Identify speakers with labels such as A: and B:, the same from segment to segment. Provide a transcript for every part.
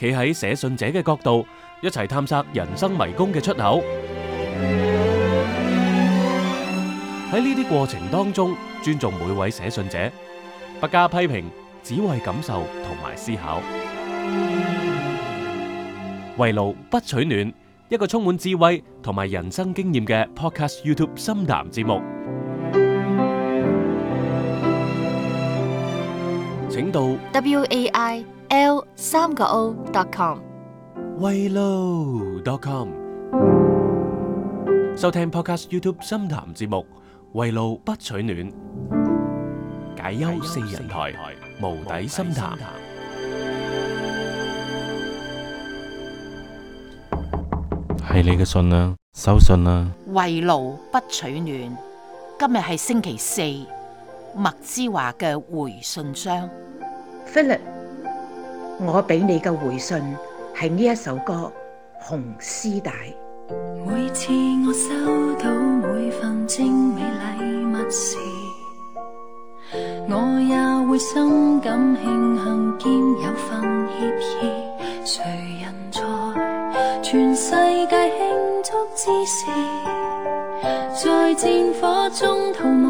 A: 企喺寫信者嘅角度，一齊探索人生迷宮嘅出口。喺呢啲過程當中，尊重每位寫信者，不加批評，只為感受同埋思考。圍爐不取暖，一個充滿智慧同埋人生經驗嘅 Podcast YouTube 深談節目，請到
B: WAI。三個 O dot com，
A: 維路 dot com，收聽 Podcast YouTube 深談節目，維路不取暖，解憂四人台，無底深談。係你嘅信啊，收信啦。
B: 維路不取暖，今日係星期四，麥之華嘅回信箱，Philip。我俾你嘅回信係呢一首歌《紅絲帶》。
C: 每次我收到每份精美禮物時，我也會心感慶幸兼有份協議。誰人在全世界慶祝之時，在戰火中逃亡。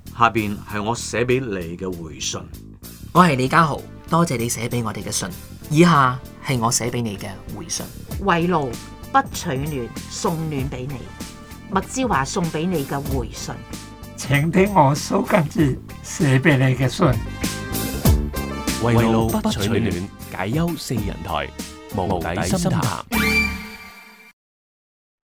A: 下面係我寫俾你嘅回信，
B: 我係李家豪，多謝你寫俾我哋嘅信。以下係我寫俾你嘅回信，為路不取暖，送暖俾你，麥之華送俾你嘅回信，請聽我蘇根
A: 志寫俾你嘅信，為路不取暖，解憂四人台，無底心潭。